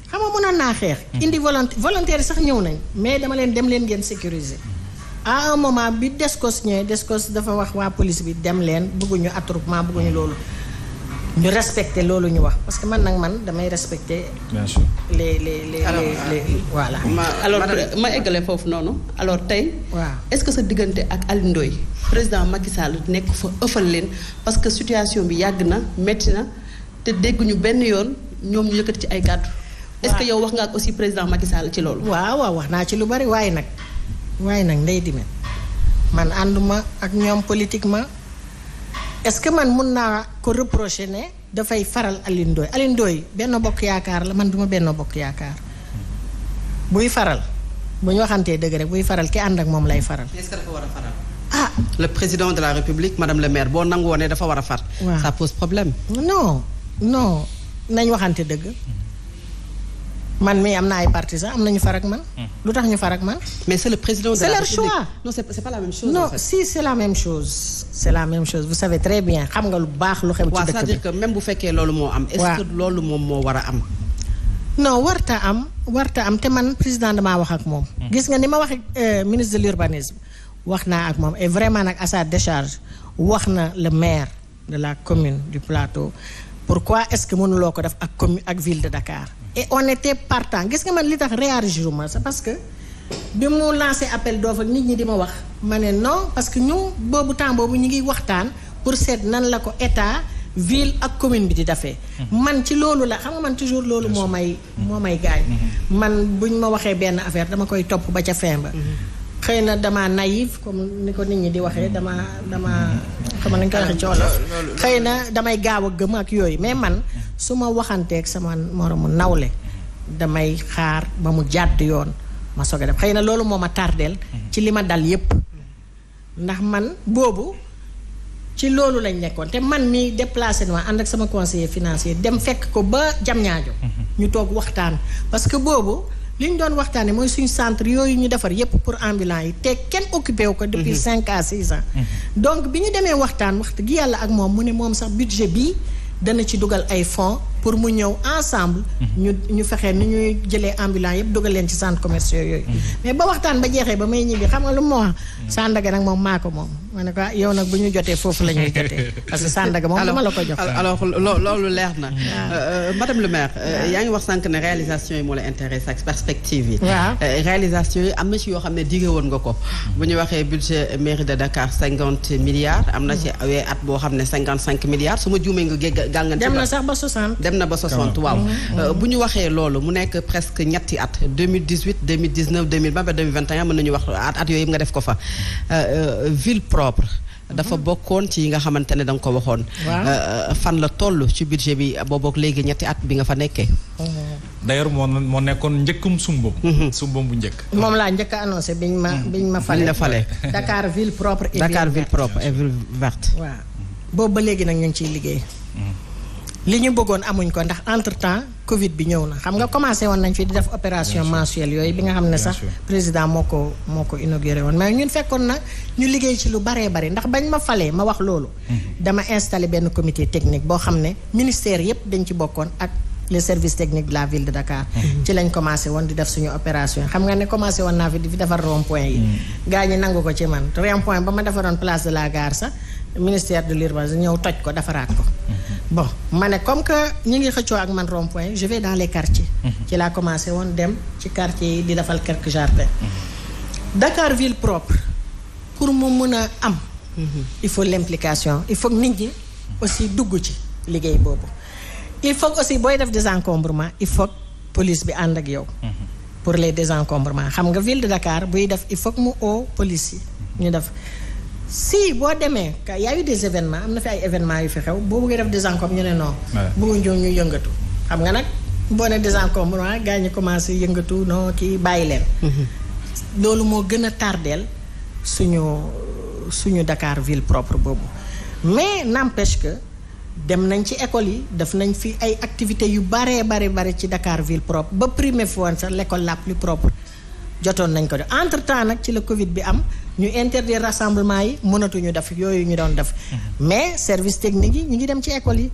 xam nga mënoon naa xeex mhm. indi volontaire volontaire sax ñëw nañ mais dama leen dem leen ngeen sécuriser mhm. à un moment bi des descos ñëwee descos dafa wax waa police bi dem leen bëgguñu attroupement bëgguñu loolu ñu respecter loolu ñu wax parce que man nag man damay respecter. bien sûr les les les ah. voilà. ma alors ma eggale foofu noonu alors tey. waa est-ce que sa diggante ak Aliou Ndoye président Macky nekk fa ëffal leen parce que situation bi yàgg na métti na te dégguñu benn yoon ñoom yëkkati ci ay kàddu. est-ce yow wax nga ak aussi président Macky ci loolu. waaw waaw wax naa ci lu bari waaye nag waaye nag ndey di man ànduma ak ñoom politiquement. est-ce que man mun naa ko reprocher ne dafay faral Alioune Ndoye Alioune benn bokk yaakaar la man duma benn bokk yaakaar buy faral bu ñu waxantee dëgg rek buy faral ki ànd ak moom lay faral. est-ce que ah le président de la république madame le maire boo nangu woon dafa war a far. waaw ça pose problème. non non nañ waxante dëgg. man mii am na ay partisans am na ñu farak man. Hmm. lu tax ñu ak man. mais c'est le président de la République c'est choix. non c'est la même chose. non en fait. si c'est vous savez très bien xam nga lu baax lu xew. ci dëkk bi waaw c'est-à-dire que même bu fekkee loolu moo am. est-ce que loolu moom moo war a am. non warta am warta am te man président damaa wax ak moom. Hmm. gis nga ni ma wax ak euh, ministre de l'urbanisme wax naa ak moom et vraiment nag à sa décharge wax na le maire de la commune du plateau. pourquoi est-ce que mënuloo ko def ak commune ak ville de Dakar. et on était partant gis nga man li tax réagir ma c'est parce que bi mu lancé appel d'offre nit ñi di ma wax ma ne non parce que ñu boobu temps boobu ñu ngiy waxtaan pour seet nan la ko état. ville ak commune bi di defee. Mhm. man ci loolu la xam nga man toujours loolu moo may moo mhm. may gaañ. Mhm. man buñ ma waxee benn affaire dama koy topp ba ca fin xëy na dama naïve comme ni ko nit ñi di waxee dama dama xam nañ ko waxee ci ah, xëy na damay gaaw a gëm ak yooyu mais man su ma waxanteeg sama moromu nawle damay xaar ba mu jàdd yoon ma soog def xëy na loolu moom ma tardeel ci li ma dal yépp ndax man boobu ci loolu lañ nekkoon te man mi déplacé na ànd ak sama conseiller financier dem fekk ko ba jam ñaajo mhm. ñu toog waxtaan parce boobu li ñu doon waxtaanee mooy suñu centre yooyu ñu defar yépp pour ambulants yi te kenn occupé wu ko. depuis mhm. cinq à six ans. Mhm. donc bi ñu demee waxtaan waxtu gi yàlla ak moom mu ne moom sax budget bi dana ci dugal ay fonds. pour mu ñëw ensemble. Mhm. ñu ñu fexe ni ñuy jëlee ambulants yëpp dugal leen ci centre commerciaux yooyu. Mhm. mais ba waxtaan ba jeexee ba may ñibbi xam nga lu ma wax. Mhm. Sandaga nag moom maa ko moom ma ah, yow nag bu ñu jotee foofu la ñuy jotee parce que Sandaga moom dama la ko jox. alors loolu leer na. Euh, euh, madame le maire. Euh, yaa ngi wax sànq ne réalisation yi moo la intéresse ak perspective yi. waaw réalisation am na ci yoo xam ne digé woon nga ko. bu ñu waxee budget mairie de Dakar cinquante milliards am na ci at boo xam ne cinquante cinq milliards su ma juumee nga gàngante. dem na sax ba soixante. dem na ba 60 waaw mm-hmm. euh, bu ñu waxee loolu mu nekk presque ñetti at 2018 2019 2020 ba 2021 mën nañu wax at at yooyu nga def ko fa euh, euh, ville propre mm-hmm. dafa bokkoon ci yi nga xamante ne da nga ko waxoon fan la toll ci budget bi boobook léegi ñetti at bi nga fa nekkee mm-hmm. d'ailleurs moo moo nekkoon njëkkum sumbam sumbam bu njëkk moom laa njëkk a annoncé biñ ma biñ ma fale la fale Dakar ville propre et ville verte Dakar ville propre et ville verte boobu ba léegi nag ñu li ñu bëggoon amuñ ko ndax entre temps Covid bi ñëw na xam nga commencé woon nañ fi di def opération mensuelle yooyu bi nga xam ne sax président moo ko moo ko inauguré woon mais ñun fekkoon na ñu liggéey ci lu baree bari ndax bañ ma ma wax loolu. Mhm. dama installé benn comité technique boo xam ne ministère yépp dañ ci bokkoon ak les services techniques la ville de Dakar. Mhm. ci lañ commencé woon di def opération xam nga ne commencé woon naa fi di fi defar rond point yi. Mhm. gaa ñi nangu ko ci man rond point ba ma defaroon place de la gare sax. ministère de l'urbanisme ñëw toj ko defaraat ko. Mhm. bon ma ne comme que ñu ngi xëccoo ak man rond point je vais dans les quartiers. Mhm. ci laa commencé woon dem ci quartier yi di defal quelques jardins. Mhm. Dakar ville propre pour mu mën a am. il faut l'implication il faut nit ñi aussi dugg ci liggéey boobu. il faut aussi booy def désencombrement il faut police bi ànd ak yow. pour les désencombrements xam nga ville de Dakar buy def il faut mu oo police yi ñu def. si boo demee y a eu des événements am na fi ay événements yu fi xew boo bëggee def désencombre ñu ne non. bëgguñu ñu yëngatu. xam nga nag boo ne désencombre ah gaa ñi commencé yëngatu non kii bàyyi leen. Mhm. loolu moo gën a tardeel suñu suñu Dakar ville propre boobu mais n'empêche que dem nañ ci école yi def nañ fi ay activités yu bare bare bare ci Dakar ville propre ba primer fois sax l'école la plus propre jotoon nañ ko def entre temps nag ci la Covid bi am ñu interdire rassemblement yi mënatuñu def yooyu ñu doon def. Mhm. mais service technique yi ñu ngi dem ci école yi.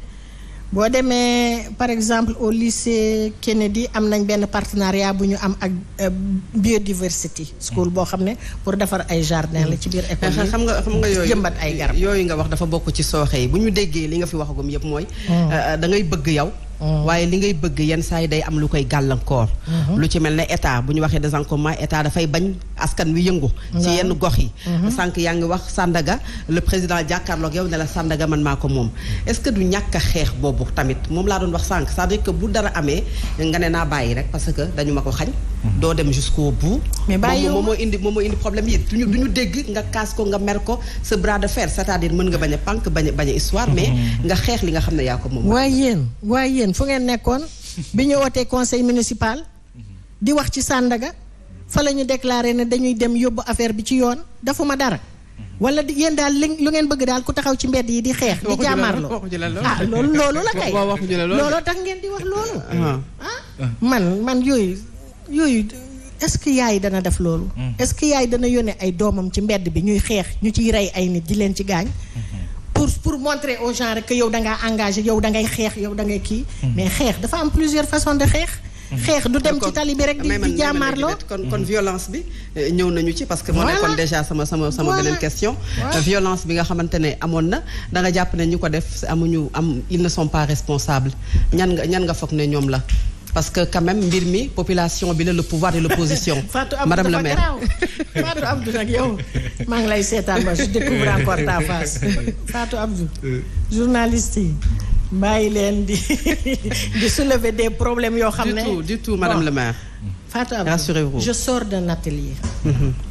boo demee par exemple au lycée Kennedy am nañ benn partenariat bu ñu am ak euh, biodiversité. school mhm. boo xam ne pour defar ay jardin la ci biir mhm. école yi. xam nga xam nga yooyu jëmbat ay garab. yooyu nga wax dafa bokk ci sooxe yi bu ñu déggee li nga fi waxagum yëpp mooy. Euh, da ngay bëgg yow. Mm-hmm. waaye li ngay bëgg yenn saa yi day am lu koy gàllankoor. Mm-hmm. lu ci mel ne état bu ñu waxee désencombrement état dafay bañ askan wi yëngu. ci yenn gox yi. Mm-hmm. sànq yaa ngi wax Sandaga le président jàkkaarloog yow ne la Sandaga man maa ko moom est-ce que du ñàkk a xeex boobu tamit moom laa doon wax sànq c'est-à-dire que bu dara amee nga ne naa bàyyi rek parce que dañu ma ko xañ. doo dem jusqu'au bout. mais bàyyi moom moo indi moom moo indi problème yi du ñu dégg nga kaas ko nga mer ko sa bras de fer cest mën nga bañ a pànk bañ a bañ a histoire mais mm-hmm. nga xeex li nga xam ne yaa ko moom. waaye yéen waaye yéen fu ngeen nekkoon bi ñu wootee conseil municipal di wax ci Sandaga fa la ñu déclaré ne dañuy dem yóbbu affaire bi ci yoon dafuma dara. wala yéen daal li lu ngeen bëgg daal ku taxaw ci mbedd yi di xeex di jaamaarloo ah loolu loolu la kay looloo tax ngeen di wax loolu ah, ah. man man yooyu yooyu est-ce que yaay dana def loolu. Mm-hmm. est-ce que yaay dana yone ay doomam ci mbedd bi ñuy xeex ñu ciy rey ay nit di leen ci gaañ. Mm-hmm. pour pour montrer au gens rek que yow da ngaa engagé yow da ngay xeex yow da ngay kii. Mm-hmm. mais xeex dafa am plusieurs façons de xeex. xeex du dem ci tali bi rek di di jàmmaarloo kon kon violence bi eh, ñëw nañu ci parce que moo nekkoon déjà sama sama sama beneen question violence bi nga xamante ne amoon na da jàpp ne ñu ko def si amuñu am ils ne sont ñan nga ñan nga foog ne ñoom la parce que quand mbir mi population bi la le pouvoir et l'opposition madame la maire Fatou Abdou nag yow maa ngi lay seetaan ma je découvre encore ta face Fatou Abdou journaliste yi bàyyi leen di di soulever des problèmes yoo xam ne du tout du tout madame la maire Fatou Abdou je sors d'un atelier mm-hmm.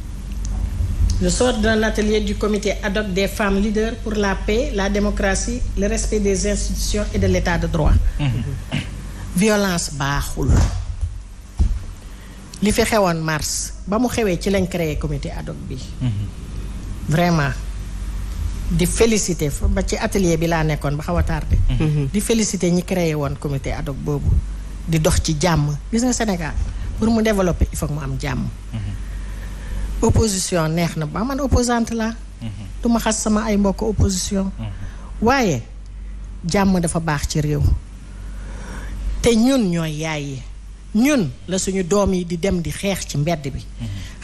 Je sors d'un du comité ad des femmes leaders pour la paix, la démocratie, le respect des institutions et de l'état de droit. Mm-hmm. violence baaxul li fi xewoon mars ba mu xewee ci lañ créé comité ad hoc bi mm-hmm. vraiment di félicité ba ci atelier bi laa nekkoon ba xaw a tardé mm-hmm. di félicité ñi créé woon comité ad boobu di dox ci jàmm gis nga Sénégal pour mu développer il faut mu am jàmm mm-hmm. opposition neex na ba man opposante la du ma xas sama ay mbokk opposition waaye jàmm dafa baax ci réew te ñun ñooy yaay yi ñun la suñu doom yi di dem di xeex ci mbedd bi.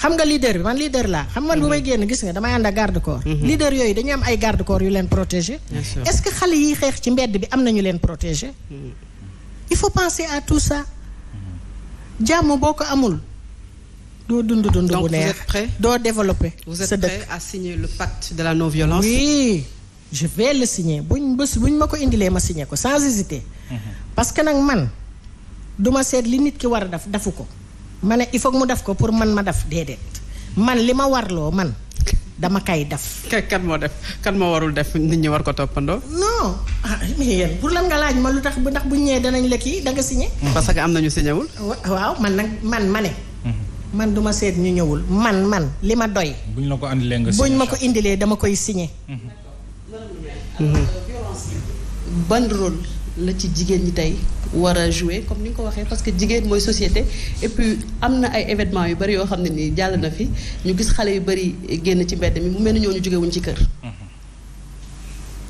xam nga leader bi man leader laa xam man bu may génn gis nga damay ànd ak garde corps. Mhm. leader yooyu dañu am ay garde corps yu leen protéger. est-ce que xale yiy xeex ci mbedd bi am na ñu leen protéger. Mhm. il faut à tout ça. jàmm boo ko amul. doo dund dund bu neex doo développer sa dëkk vous à signer le pacte de la non violence. je vais le signer buñ bés buñ ma ko indilee ma signer ko sans hésiter. parce que nag man du ma seet li nit ki war a def defu ko ma ne il mu def ko pour man ma def déedéet man li ma warloo man dama kay def. kat moo def kat moo warul def nit ñi war ko toppandoo. non ah yéen pour lan nga laaj ma lu tax bu ndax bu ñëwee danañ la kii da nga signé. parce que am na ñu signé wul. waaw man nag man ma ne. man du ma seet ñu ñëwul man man li ma doy. buñ la ko indilee nga ñu ma ko indilee dama koy signé. Mhm. Mhm. ban rôle la ci jigéen ñi tey war a jouer comme ni nga ko waxee parce que jigéen mooy société et am na ay événements yu bari yoo xam ne nii jàll na fi ñu gis xale yu bari génn ci mbedd mi mu mel ni ñooñu jógewuñ ci kër.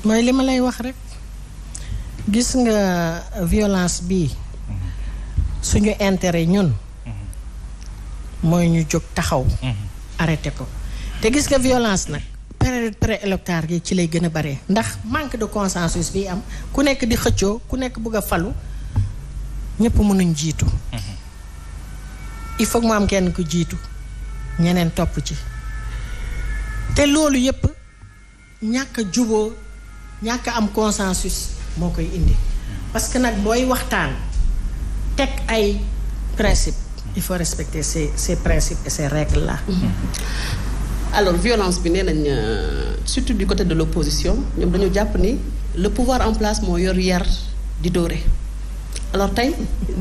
mooy li ma lay wax rek gis nga violence bi suñu intérêt ñun. mooy ñu jóg taxaw. Mhm. arrêté ko te gis nga violence nag. période préélectorale gi ci lay gën a bare ndax manque de consensus bi am ku nekk di xëccoo ku nekk bëgg a falu ñëpp mënuñ jiitu. Mhm. il faut que mu am kenn ku jiitu ñeneen topp ci te loolu yëpp ñàkk a juboo ñàkk am consensus moo koy indi parce que nag booy waxtaan teg ay principe il faut respecter ces ces principes et ces règles là. Mhm. alors violence bi nee nañ euh, surtout bi côté de l'opposition ñoom dañoo jàpp ni le pouvoir en place moo yor yar di dóore alors tey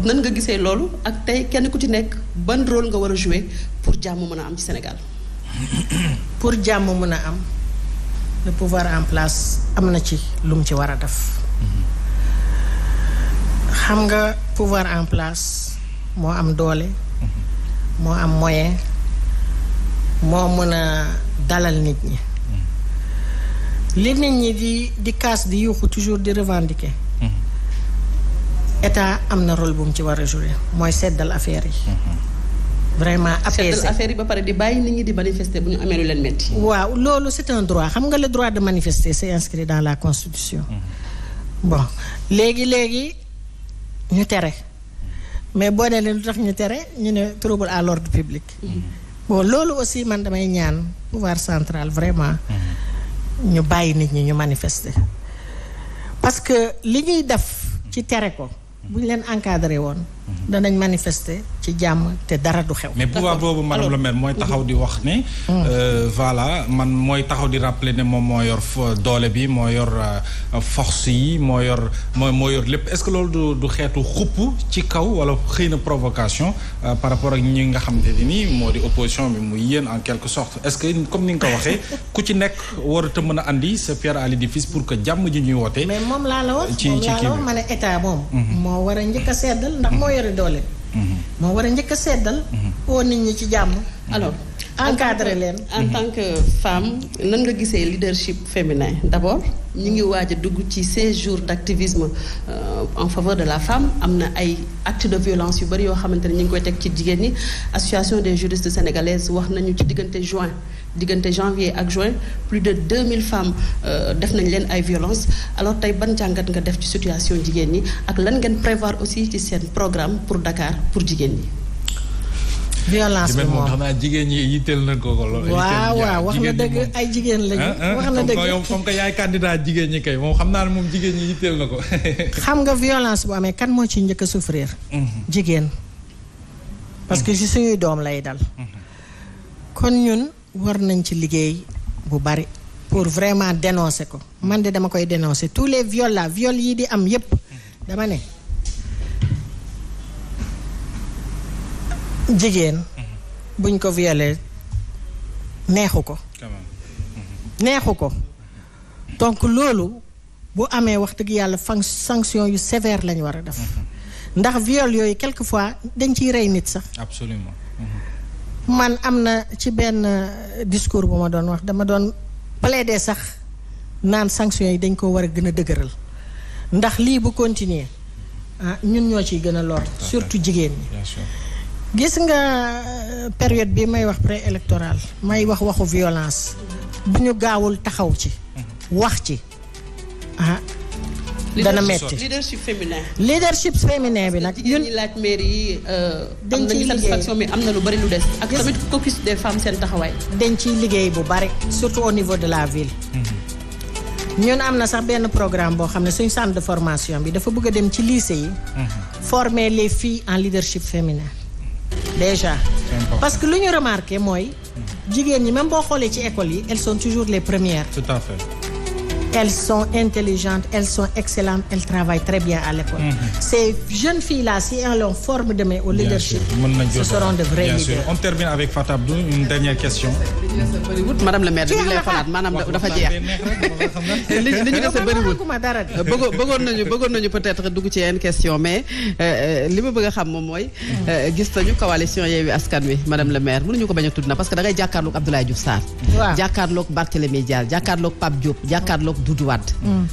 nan nga gisee loolu ak tey kenn ku ci nekk ban rôle nga war a jouer pour jàmm mën a am ci Sénégal. pour jàmm mën a am le pouvoir en place am na ci lum ci war a def. xam nga pouvoir en place moo am doole. Mhm. moo am moyen. moo mën a dalal nit ñi li nit ñi di di kaas di yuuxu toujours di revendiquer mm-hmm. état am na rôle bu mu ci war a jouer mooy seddal affaire yi mm-hmm. vraiment apaiser affaire yi ba pare di bàyyi nit ñi di manifester bu ñu amee lu leen metti waaw loolu c'est un droit xam nga le droit de manifester c'est inscrit dans la constitution mm-hmm. bon léegi léegi ñu tere mais boo dee leen lu tax ñu tere ñu ne trouble à l'ordre publique bon loolu aussi man damay ñaan pouvoir centrale vraiment ñu bàyyi nit ñi ñu manifester parce que li ñuy def ci tere ko bu ñu leen encadré woon danañ manifester ci jàmm te dara du xew. mais pouvoir boobu madame mooy taxaw di wax ne. Mm. Mm. Euh, voilà man mooy taxaw di rappeler ne moom moo yor doole bi moo yor euh, force yi moo yor moo moo yor lépp est-ce que loolu du xeetu xupp ci kaw wala xëy na provocation euh, par rapport ak ñi nga xamante ne nii moo di opposition bi mu yéen en quelque sorte est-ce que comme ni nga ko waxee ku ci nekk warut a mën a andi sa pierre à l'édifice pour que jàmm ji ñuy woote. mais moom laa la wax moom laa la mhm. a njëkk a yore doole. Mm-hmm. moo war a njëkk a seddal. Mm-hmm. oo nit ñi ci jàmm mm-hmm. alors. encadré leen en tant que femme nan nga gisee leadership féminin d'abord ñu ngi waaj a dugg ci 16 jours d'activisme euh, en faveur de la femme am na ay acte de violence yu bari yoo xamante ne ñu ngi koy teg ci jigéen ñi association des juristes sénégalaises wax nañu ci diggante juin diggante janvier ak juin plus de 2000 femmes euh, def nañ leen ay violence alors tey ban jàngat nga def ci situation jigéen ñi ak lan ngeen prévoir aussi ci seen programme pour Dakar pour jigéen ñi violence bi moom jigéen ñi yitteel na ko ko waaw waaw wax na dëgg ay jigéen lañu. Ah, ah, wax na dëgg comme que yaay candidat jigéen ñi kay moom xam naa ne moom jigéen ñi yitteel na ko. xam nga violence bu amee kan moo ci njëkk a souffrir. Mhm. jigéen. parce que si mhm. suñuy doom lay dal. Mhm. kon ñun war nañ ci liggéey bu bari. pour vraiment dénoncer ko man de dama koy dénoncer tous les viols là viol yi di am yépp dama ne. jigéen buñ ko violé neexu ko mhm. neexu ko donc loolu bu amee wax dëgg yàlla fan sanction yu sévère lañu war a def mhm. ndax viol yooyu fois dañ ciy rey nit sax absolument mhm. man am na ci benn discours bu ma doon wax dama doon plaider sax naan sanction yi dañ koo war a gën a dëgëral ndax lii bu continuer ah ñun ñoo ciy gën a lor surtout jigéen ñi gis nga euh, période bi may wax pré-électoral may wax waxu violence bu ñu gaawul taxaw ci mhm. wax ci ah dana metti leadership féminin leadership féminin bi nag ñun laaj mairie yi euh, am nañu satisfaction mais am na lu bari lu des ak des femmes seen taxawaay dañ liggéey bu bari surtout au niveau de la ville mhm. ñun am na sax benn programme boo xam ne suñ centre de formation bi dafa bëgg a dem ci lycée yi mhm. former les filles en leadership féminin déjà parce que lu ñu remarqué mooy jigéen ñi même boo xoolee ci école yi elles sont toujours les premières tout Elles sont intelligentes, elles sont excellentes, elles travaillent très bien à l'école. Mm -hmm. Ces jeunes filles-là, si on leur au leadership, madame la maire li ñu lay falaat dafa jeex li li ñu dese bëriwul bëggoon nañu bëggoon nañu peut-être dugg ci yenn question mais euh, euh, li ma bëgg a xam moom mooy mhm. euh, gis nañu coalition Yewwi Askan Wi madame la maire mënuñu ko bañ a tudd na parce que da ngay jàkkaarloog Abdoulaye Diouf Sarr jàkkaarloog Barthélémy Doudou Wade mm.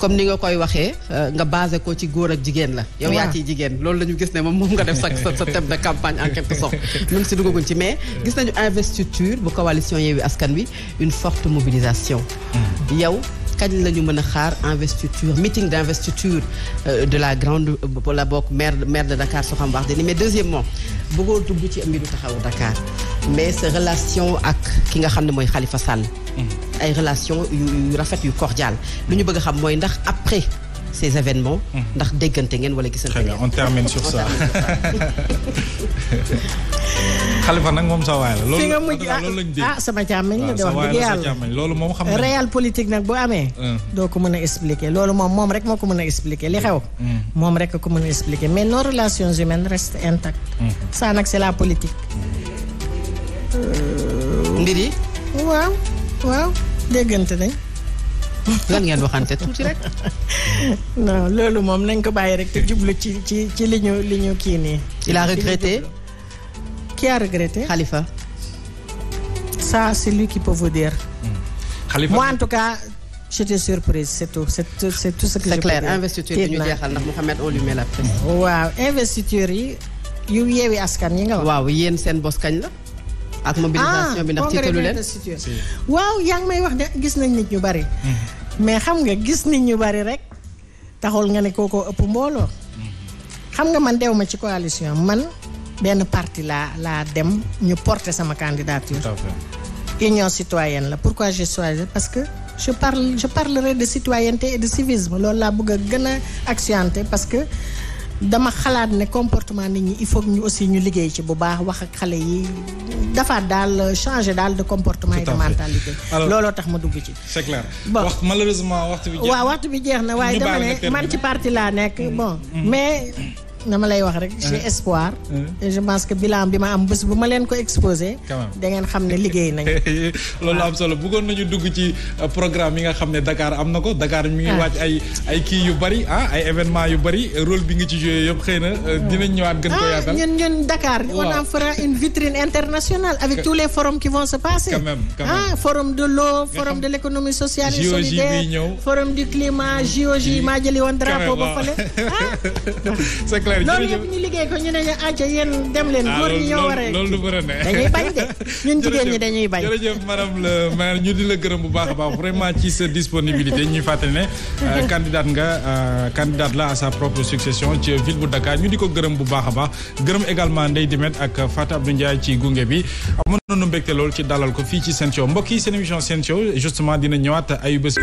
comme ni nga koy waxee euh, nga basé ko ci góor ak jigéen la yow yaa ciy jigéen loolu la ñu gis ne moom moom nga def sa sa thème de campagne en quelque sorte même si dugaguñ ci mais gis nañu investiture bu coalition Yewwi Askan Wi une forte mobilisation mm. yow kañ la ñu mën a xaar investiture meeting d' investiture euh, de la grande euh, la bokk maire maire de Dakar soo xam wax dëgg mais deuxièmement bëggoo dugg ci mbiru taxawu Dakar mais sa relation ak ki nga xam ne mooy xalifa Sall. Mm. ay relation yu rafet yu cordial lu ñu bëgg a xam mooy ndax après. ces événements. Mhm. ndax déggante ngeen wala gisante ngeen. on termine sur ça. Khalifa nag moom sa waay la. loolu nga mujj ah sama càmmiñ la ah, di wax dëgg yàlla loolu moom xam politique nag bu amee. Mm. doo ko mën a expliquer loolu moom moom rek moo ko mën a expliquer li xew. Mm. moom rek ko mën a expliquer mais nos relations humaines restent intactes. Mm. ça nag c'est la politique. mbir yi. waaw waaw déggante nañ. lan ngeen waxante tuuti rek. loolu moom lañ ko bàyyi rek te jublu ci ci ci li ñu li ñu kii nii. il laa regretté. qui a regretté. Khalifa. ça c'est lui qui peut vous dire. Hmm. Khalifa moi en tout cas. j'étais surprise c'est tout c'est tout c'est tout ce que. c'est clair investiture bi ñu jeexal ndax Mouhamed on lui met la waaw investiture yi yu yeewi askan yi nga waaw yéen seen bos kañ la. ak mobilisation bi ndax ah, tiitalu leen waaw yaa ngi may wax de gis nañ nit ñu bari. Hmm. mais xam nga gis nit ñu bari rek taxul nga ne kookoo ëpp mbooloo. Hmm. xam nga man dew ma ci coalition man benn parti laa laa dem ñu porter sama candidature. union citoyenne la pourquoi j'ai choisi parce que je parle je parlerai de citoyenneté et de civisme loolu laa bëgg a gën a accentuer parce que. dama xalaat ne comportement nit ñi il faut ñu aussi ñu liggéey ci bu baax wax ak xale yi dafaat daal changer daal de comportement et de mentalité looloo tax ma dugg ci c'est clair bon malheureusement waxtu bi jeex na waaye dama ne man ci parti laa nekk mm. bon mm. mais dama lay wax rek j'ai eh. espoir et eh. je pense que bilan bi ma am bés bu ma leen ko exposé da ngeen xam ne liggéey nañ eh, loolu am solo bëggoon nañu dugg ci euh, programme yi nga xam ne Dakar am na ko Dakar mi ngi ah. waaj ay ay kii yu bari ah ay événement yu bari rôle bi nga ci joué yëpp xëy na euh, ah. dinañ ñëwaat gën ko ah, yaatal ñun ñun Dakar on en fera une tous les forums qui vont se passer quand même ah forum de l'eau forum de l'économie sociale et solidaire forum du climat JOJ maa jëli woon drapeau ba fale leer loolu yëpp ñu liggéey ko ñu ne ñu ah acca yéen dem leen ah, góor ñoo war a loolu du mën a ne dañuy bañ de ñun jigéen ñi dañuy bañ jërëjëf madame le ñu di la gërëm bu baax a baax vraiment ci sa disponibilité ñuy fàttali ne euh, candidate nga euh, candidate la à sa propre succession ci ville bu Dakar ñu di ko gërëm bu baax a baax gërëm également Ndeye Dimet ak Fatou Abdou Ndiaye ci gunge bi amoon nañu mbégte lool ci dalal ko fii ci Sen Show mbokk yi seen mission Sen Show justement dina ñëwaat ayu bés